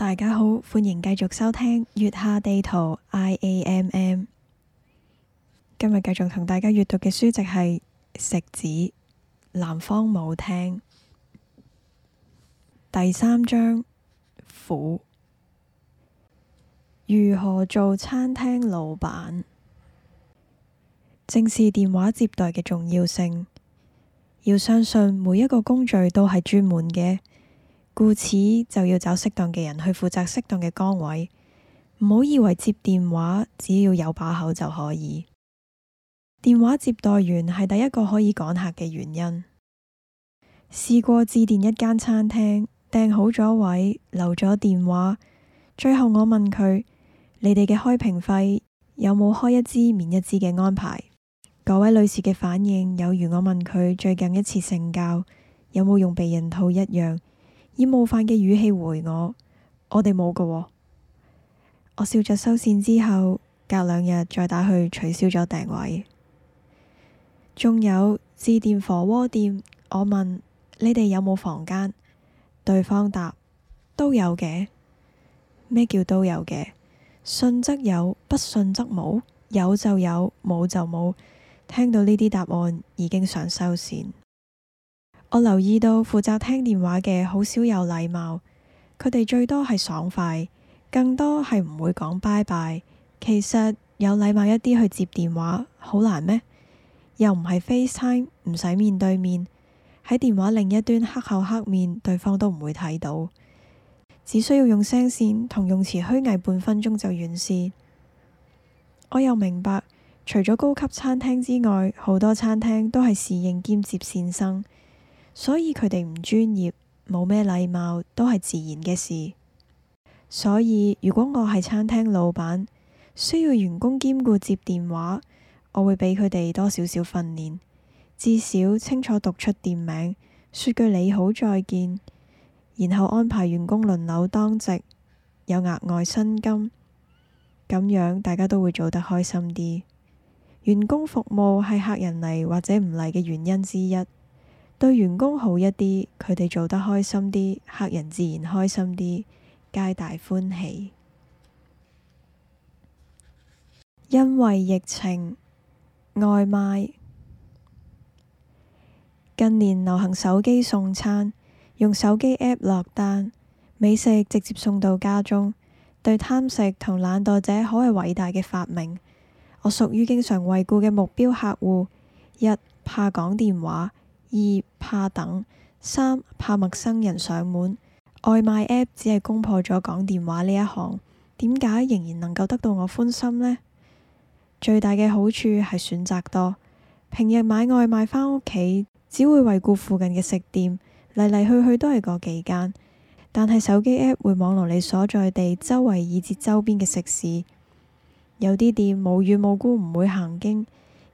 大家好，歡迎繼續收聽《月下地圖 I A M M》。今日繼續同大家閱讀嘅書籍係《食旨南方舞廳》第三章，苦。如何做餐廳老闆，正視電話接待嘅重要性。要相信每一個工序都係專門嘅。故此就要找適當嘅人去負責適當嘅崗位，唔好以為接電話只要有把口就可以。電話接待員係第一個可以趕客嘅原因。試過致電一間餐廳，訂好咗位，留咗電話，最後我問佢：你哋嘅開瓶費有冇開一支免一支嘅安排？嗰位女士嘅反應有如我問佢最近一次性交有冇用避孕套一樣。以冒犯嘅語氣回我，我哋冇㗎喎。我笑着收線之後，隔兩日再打去取消咗訂位。仲有致電火鍋店，我問你哋有冇房間，對方答都有嘅。咩叫都有嘅？信則有，不信則冇。有就有，冇就冇。聽到呢啲答案，已經想收線。我留意到負責聽電話嘅好少有禮貌，佢哋最多係爽快，更多係唔會講拜拜。其實有禮貌一啲去接電話，好難咩？又唔係 FaceTime，唔使面對面。喺電話另一端黑口黑面，對方都唔會睇到，只需要用聲線同用詞虛偽，半分鐘就完事。我又明白，除咗高級餐廳之外，好多餐廳都係侍應兼接線生。所以佢哋唔專業，冇咩禮貌，都係自然嘅事。所以如果我係餐廳老闆，需要員工兼顧接電話，我會畀佢哋多少少訓練，至少清楚讀出店名，說句你好，再見，然後安排員工輪流當值，有額外薪金，咁樣大家都會做得開心啲。員工服務係客人嚟，或者唔嚟嘅原因之一。對員工好一啲，佢哋做得開心啲，客人自然開心啲，皆大歡喜。因為疫情，外賣，近年流行手機送餐，用手機 app 落單，美食直接送到家中，對貪食同懶惰者可謂偉大嘅發明。我屬於經常惠顧嘅目標客戶，一怕講電話，二怕等，三怕陌生人上門。外賣 app 只係攻破咗講電話呢一行，點解仍然能夠得到我歡心呢？最大嘅好處係選擇多。平日買外賣返屋企，只會惠顧附近嘅食店，嚟嚟去去都係嗰幾間，但係手機 app 會網羅你所在地周圍以至周邊嘅食肆。有啲店無緣無故唔會行經，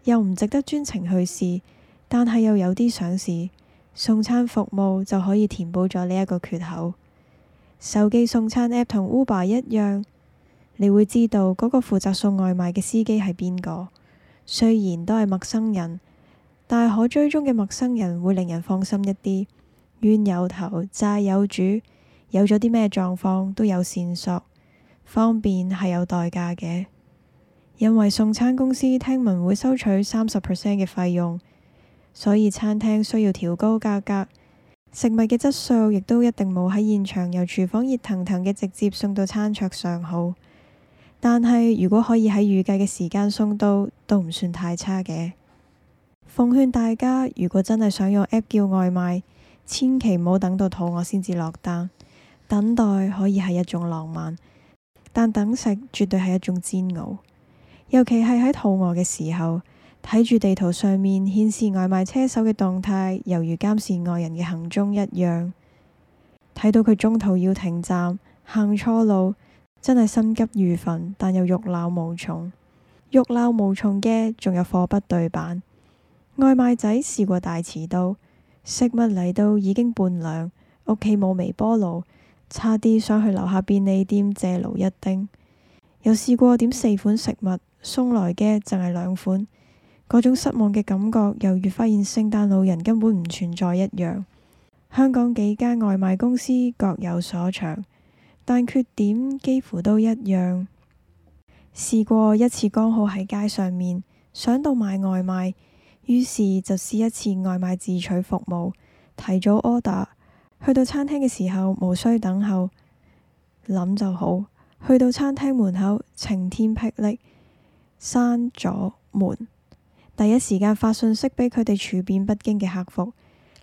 又唔值得專程去試。但係又有啲想試，送餐服務就可以填補咗呢一個缺口。手機送餐 app 同 Uber 一樣，你會知道嗰個負責送外賣嘅司機係邊個。雖然都係陌生人，但係可追蹤嘅陌生人會令人放心一啲。冤有頭，債有主，有咗啲咩狀況都有線索。方便係有代價嘅，因為送餐公司聽聞會收取三十 percent 嘅費用。所以餐廳需要調高價格，食物嘅質素亦都一定冇喺現場由廚房熱騰騰嘅直接送到餐桌上好。但係如果可以喺預計嘅時間送到，都唔算太差嘅。奉勸大家，如果真係想用 app 叫外賣，千祈唔好等到肚餓先至落單。等待可以係一種浪漫，但等食絕對係一種煎熬，尤其係喺肚餓嘅時候。睇住地圖上面顯示外賣車手嘅動態，猶如監視外人嘅行蹤一樣。睇到佢中途要停站，行錯路，真係心急如焚，但又欲鬧無從。欲鬧無從嘅，仲有貨不對板。外賣仔試過大遲到，食物嚟到已經半兩，屋企冇微波爐，差啲想去樓下便利店借爐一丁。又試過點四款食物，送來嘅淨係兩款。嗰種失望嘅感覺，猶如發現聖誕老人根本唔存在一樣。香港幾間外賣公司各有所長，但缺點幾乎都一樣。試過一次，剛好喺街上面想到買外賣，於是就試一次外賣自取服務，提早 order，去到餐廳嘅時候無需等候，諗就好。去到餐廳門口，晴天霹靂，閂咗門。第一時間發信息畀佢哋，處變不驚嘅客服，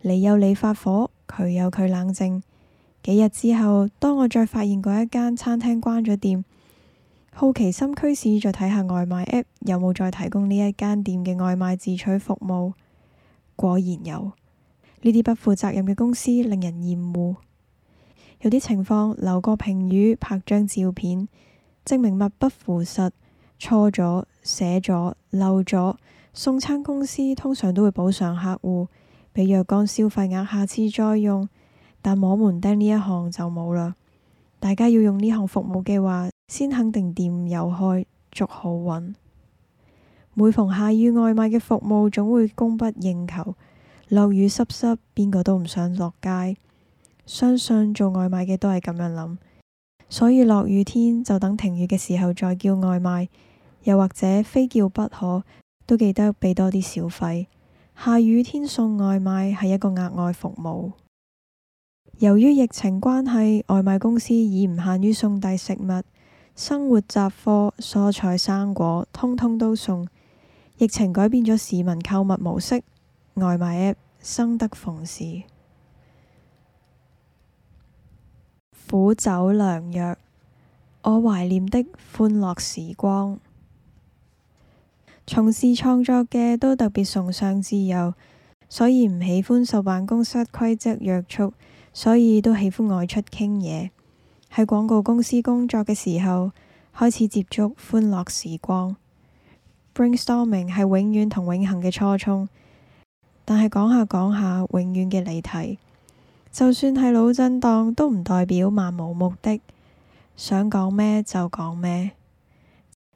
你有你發火，佢有佢冷靜。幾日之後，當我再發現嗰一間餐廳關咗店，好奇心驅使再睇下外賣 app 有冇再提供呢一間店嘅外賣自取服務，果然有，呢啲不負責任嘅公司令人厭惡。有啲情況留個評語，拍張照片，證明物不符實，錯咗寫咗漏咗。送餐公司通常都會補償客戶，俾若干消費額，下次再用。但摸門釘呢一項就冇啦。大家要用呢項服務嘅話，先肯定店有開，足好運。每逢下雨外賣嘅服務總會供不應求，落雨濕濕，邊個都唔想落街。相信做外賣嘅都係咁樣諗，所以落雨天就等停雨嘅時候再叫外賣，又或者非叫不可，都記得畀多啲小費。下雨天送外賣係一個額外服務。由於疫情關係，外賣公司已唔限於送遞食物、生活雜貨、蔬菜、生果，通通都送。疫情改變咗市民購物模式，外賣 App 生得逢時。苦酒良藥，我懷念的歡樂時光。從事創作嘅都特別崇尚自由，所以唔喜歡受辦公室規則約束，所以都喜歡外出傾嘢。喺廣告公司工作嘅時候，開始接觸歡樂時光。Brainstorming 係永遠同永恆嘅初衷，但係講下講下，永遠嘅離題。就算係腦震盪，都唔代表漫無目的，想講咩就講咩。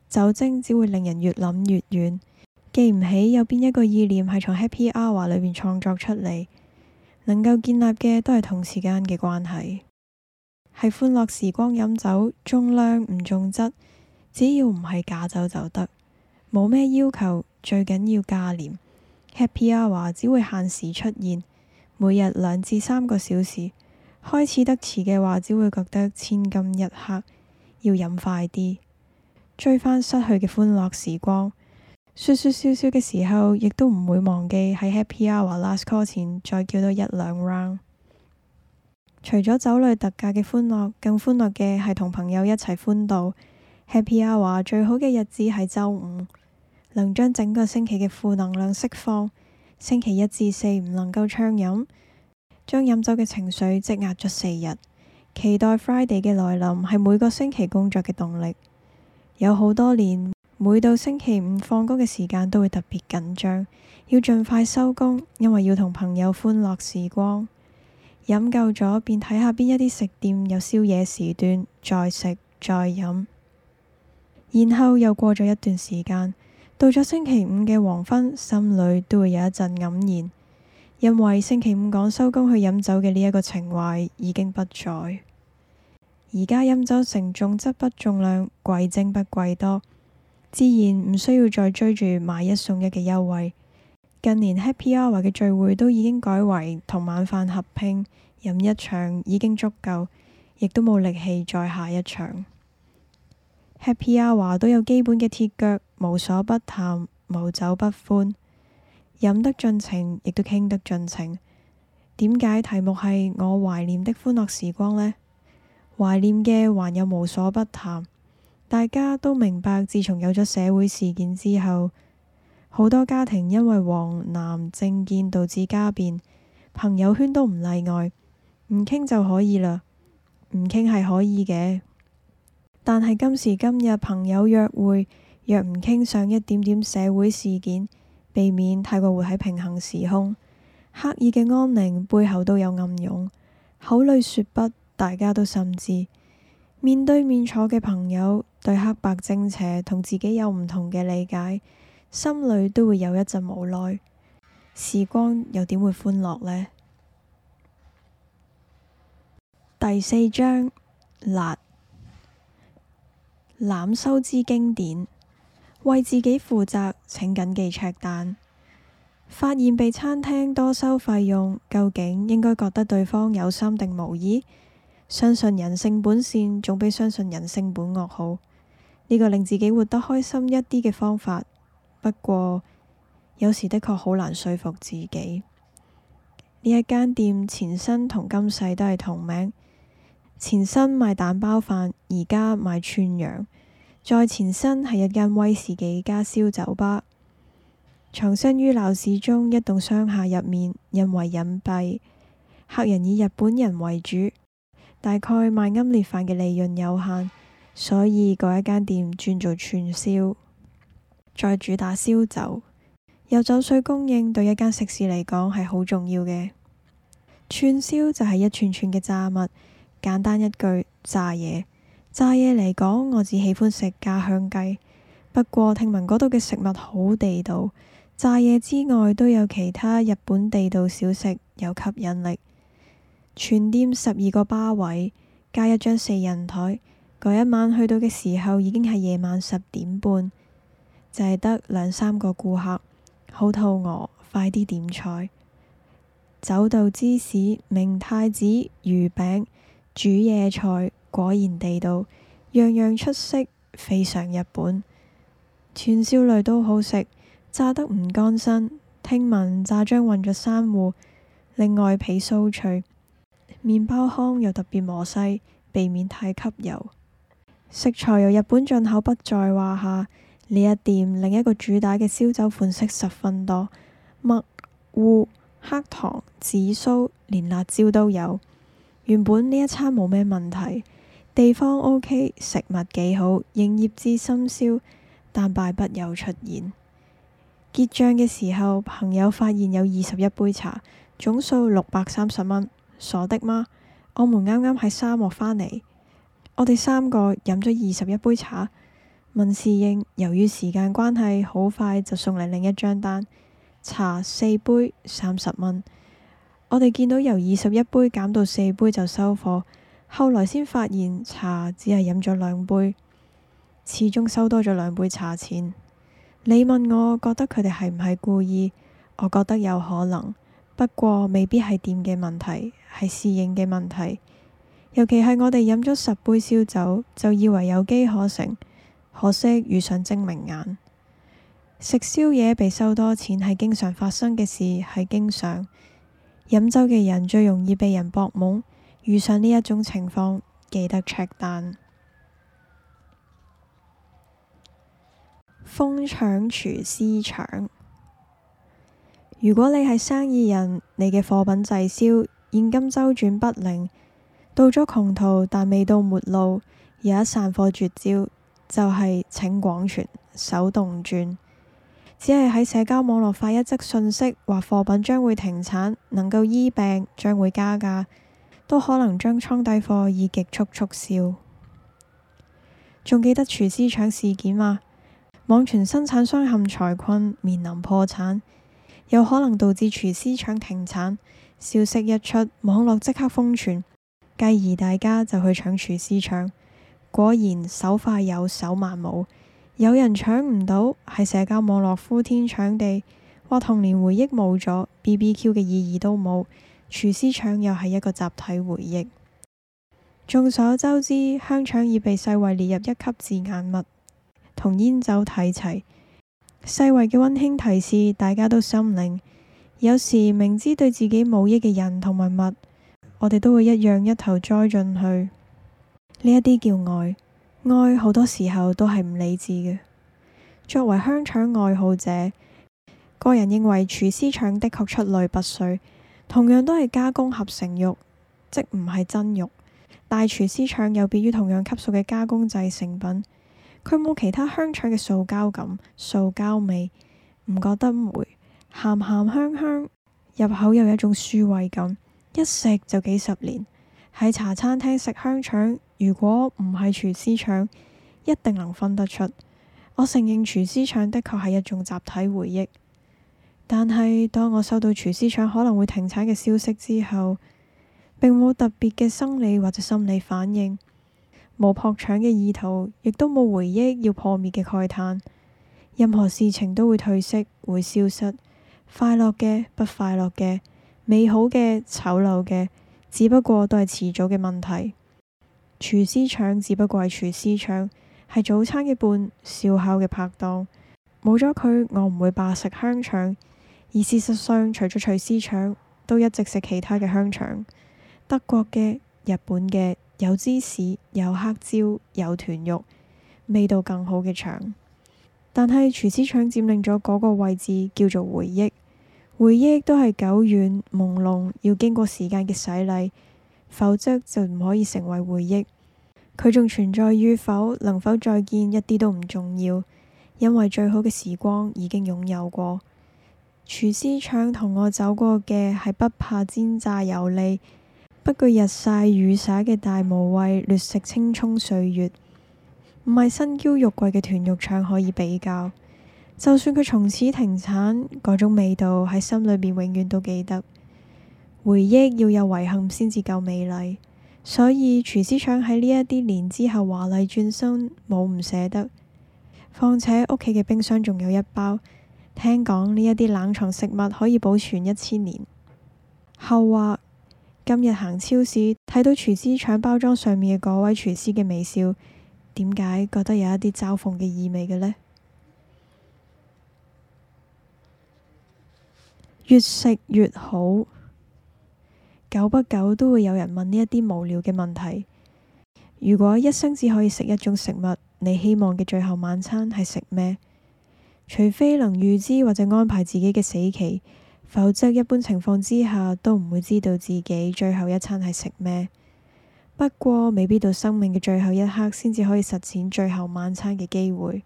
酒精只會令人越諗越遠，記唔起有邊一個意念係從 Happy Hour 裏面創作出嚟。能夠建立嘅都係同時間嘅關係，係歡樂時光飲酒，重量唔重質，只要唔係假酒就得，冇咩要求，最緊要價廉。Happy Hour 只會限時出現，每日兩至三個小時，開始得遲嘅話，只會覺得千金一刻，要飲快啲。追返失去嘅歡樂時光，說說笑笑嘅時候，亦都唔會忘記喺 Happy Hour Last Call 前再叫多一兩 round。除咗酒類特價嘅歡樂，更歡樂嘅係同朋友一齊歡度 Happy Hour。最好嘅日子係周五，能將整個星期嘅負能量釋放。星期一至四唔能夠暢飲，將飲酒嘅情緒積壓咗四日，期待 Friday 嘅來臨係每個星期工作嘅動力。有好多年，每到星期五放工嘅時間都會特別緊張，要盡快收工，因為要同朋友歡樂時光。飲夠咗，便睇下邊一啲食店有宵夜時段，再食再飲。然後又過咗一段時間，到咗星期五嘅黃昏，心裏都會有一陣黯然，因為星期五講收工去飲酒嘅呢一個情懷已經不再。而家飲酒成重質不重量，貴精不貴多，自然唔需要再追住買一送一嘅優惠。近年 Happy Hour 嘅聚會都已經改為同晚飯合拼，飲一場已經足夠，亦都冇力氣再下一場。Happy Hour 都有基本嘅鐵腳，無所不談，無酒不歡，飲得盡情，亦都傾得盡情。點解題目係我懷念的歡樂時光呢？懷念嘅，還有無所不談。大家都明白，自從有咗社會事件之後，好多家庭因為黃藍政見導致家變，朋友圈都唔例外。唔傾就可以啦，唔傾係可以嘅。但係今時今日，朋友約會若唔傾上一點點社會事件，避免太過活喺平行時空，刻意嘅安寧背後都有暗湧，口裏說不。大家都甚至面對面坐嘅朋友，對黑白正邪同自己有唔同嘅理解，心裏都會有一陣無奈。時光又點會歡樂呢？第四章：辣，濫收之經典，為自己負責，請緊記 check 單。發現被餐廳多收費用，究竟應該覺得對方有心定無意？相信人性本善，總比相信人性本惡好。呢、呢個令自己活得開心一啲嘅方法。不過有時的確好難說服自己。呢一間店前身同今世都係同名，前身賣蛋包飯，而家賣串羊。再前身係一間威士忌加燒酒吧，藏身於鬧市中一棟商廈入面，因為隱蔽，客人以日本人為主。大概賣奄列飯嘅利潤有限，所以嗰一間店轉做串燒，再主打燒酒。有酒水供應，對一間食肆嚟講係好重要嘅。串燒就係一串串嘅炸物，簡單一句炸嘢。炸嘢嚟講，我只喜歡食家鄉雞，不過聽聞嗰度嘅食物好地道。炸嘢之外都有其他日本地道小食，有吸引力。全店十二個巴位，加一張四人台。嗰一晚去到嘅時候，已經係夜晚十點半，就係得兩三個顧客。好肚餓，快啲點，點菜。酒盜芝士、明太子、魚餅、煮野菜，果然地道，樣樣出色，非常日本。串燒類都好食，炸得唔乾身。聽聞炸漿混着珊瑚，令外皮酥脆。麵包糠又特別磨細，避免太吸油。食材由日本進口，不在話下。呢一店另一個主打嘅燒酒款式十分多，麥糊、黑糖、紫蘇連辣椒都有。原本呢一餐冇咩問題，地方 OK，食物幾好，營業至深宵，但敗筆又出現。結賬嘅時候，朋友發現有二十一杯茶，總數六百三十蚊。傻的嗎？我們啱啱喺沙漠返嚟，我哋三個飲咗二十一杯茶。問侍應，由於時間關係，好快就送嚟另一張單，茶四杯三十蚊。我哋見到由二十一杯減到四杯就收貨，後來先發現茶只係飲咗兩杯，始終收多咗兩杯茶錢。你問我覺得佢哋係唔係故意？我覺得有可能，不過未必係店嘅問題。係侍應嘅問題，尤其係我哋飲咗十杯燒酒，就以為有機可乘。可惜遇上精明眼食宵夜。被收多錢係經常發生嘅事，係經常飲酒嘅人最容易被人博懵。遇上呢一種情況，記得 check 單。瘋搶廚師腸。如果你係生意人，你嘅貨品滯銷，現金周轉不靈，到咗窮途，但未到末路，而一散貨絕招就係、是、請廣傳手動轉，只係喺社交網絡發一則信息，話貨品將會停產，能夠醫病將會加價，都可能將倉底貨以極速促銷。仲記得廚師腸事件嘛？網傳生產商陷財困，面臨破產，有可能導致廚師腸停產。消息一出，網絡即刻瘋傳。繼而大家就去搶廚師腸。果然手快有手慢冇，有人搶唔到，喺社交網絡呼天搶地，話童年回憶冇咗，BBQ 嘅意義都冇，廚師腸又係一個集體回憶。眾所周知，香腸已被世衛列入一級致癌物，同煙酒睇齊。世衛嘅溫馨提示，大家都心領。有時明知對自己冇益嘅人同埋物，物，我哋都會一樣一頭栽進去。呢一啲叫愛，愛好多時候都係唔理智嘅。作為香腸愛好者，個人認為廚師腸的確出類拔萃，同樣都係加工合成肉，即唔係真肉。大廚師腸有別於同樣級數嘅加工製成品，佢冇其他香腸嘅塑膠感、塑膠味，唔覺得霉。鹹鹹香香，入口又有一種舒胃感，一食就幾十年。喺茶餐廳食香腸，如果唔係廚師腸，一定能分得出。我承認廚師腸的確係一種集體回憶，但係當我收到廚師腸可能會停產嘅消息之後，並冇特別嘅生理或者心理反應，冇撲腸嘅意圖，亦都冇回憶要破滅嘅慨嘆。任何事情都會褪色，會消失。快樂嘅，不快樂嘅；美好嘅，醜陋嘅；只不過都係遲早嘅問題。廚師腸只不過係廚師腸，係早餐嘅伴，燒烤嘅拍檔。冇咗佢，我唔會罷食香腸。而事實上，除咗廚師腸，都一直食其他嘅香腸：德國嘅、日本嘅，有芝士、有黑椒、有豚肉，味道更好嘅腸。但係廚師腸佔領咗嗰個位置，叫做回憶。回憶都係久遠、朦朧，要經過時間嘅洗禮，否則就唔可以成為回憶。佢仲存在與否，能否再見，一啲都唔重要，因為最好嘅時光已經擁有過。廚師腸同我走過嘅係不怕煎炸油膩，不懼日曬雨洗嘅大無畏，掠食青蔥歲月。唔係身嬌肉貴嘅豚肉腸可以比較，就算佢從此停產，嗰種味道喺心裏面永遠都記得。回憶要有遺憾先至夠美麗，所以廚師腸喺呢一啲年之後華麗轉身冇唔捨得。況且屋企嘅冰箱仲有一包，聽講呢一啲冷藏食物可以保存一千年。後話，今日行超市睇到廚師腸包裝上面嘅嗰位廚師嘅微笑。點解覺得有一啲嘲諷嘅意味嘅呢？越食越好，久不久都會有人問呢一啲無聊嘅問題。如果一生只可以食一種食物，你希望嘅最後晚餐係食咩？除非能預知或者安排自己嘅死期，否則一般情況之下都唔會知道自己最後一餐係食咩。不過未必到生命嘅最後一刻，先至可以實踐最後晚餐嘅機會。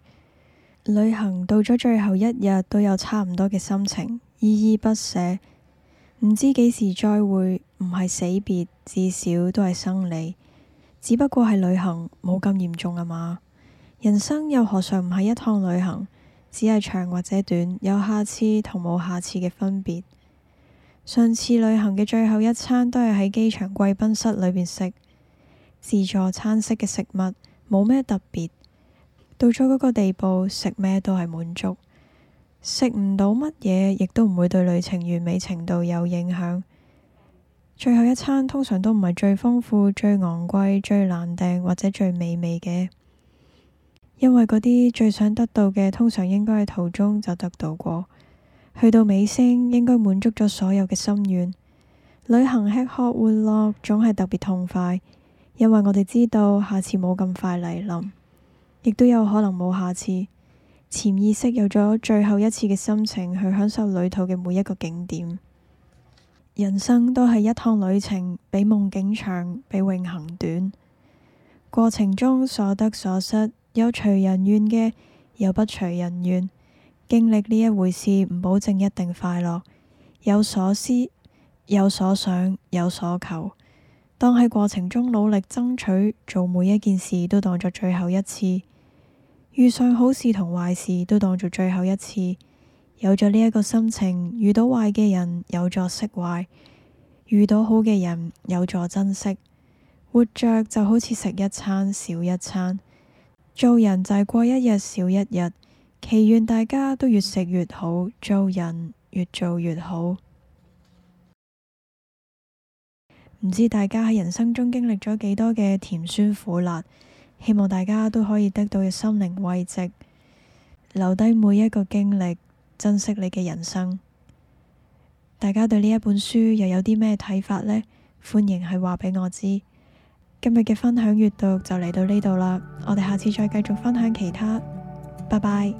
旅行到咗最後一日，都有差唔多嘅心情，依依不捨，唔知幾時再會，唔係死別，至少都係生離。只不過係旅行冇咁嚴重啊嘛。人生又何嘗唔係一趟旅行？只係長或者短，有下次同冇下次嘅分別。上次旅行嘅最後一餐都係喺機場貴賓室裏邊食。自助餐式嘅食物冇咩特別，到咗嗰個地步，食咩都係滿足，食唔到乜嘢，亦都唔會對旅程完美程度有影響。最後一餐通常都唔係最豐富、最昂貴、最難訂或者最美味嘅，因為嗰啲最想得到嘅通常應該喺途中就得到過。去到尾聲，應該滿足咗所有嘅心願，旅行吃喝玩樂總係特別痛快。因為我哋知道下次冇咁快嚟臨，亦都有可能冇下次。潛意識有咗最後一次嘅心情去享受旅途嘅每一個景點。人生都係一趟旅程，比夢境長，比永恒短。過程中所得所失，有隨人願嘅，有不隨人願。經歷呢一回事，唔保證一定快樂。有所思，有所想，有所求。當喺過程中努力爭取，做每一件事都當作最後一次；遇上好事同壞事都當作最後一次。有咗呢一個心情，遇到壞嘅人有助釋懷，遇到好嘅人有助珍惜。活着就好似食一餐少一餐，做人就係過一日少一日。祈願大家都越食越好，做人越做越好。唔知大家喺人生中經歷咗幾多嘅甜酸苦辣，希望大家都可以得到嘅心靈慰藉，留低每一個經歷，珍惜你嘅人生。大家對呢一本書又有啲咩睇法呢？歡迎去話俾我知。今日嘅分享閱讀就嚟到呢度啦，我哋下次再繼續分享其他。拜拜。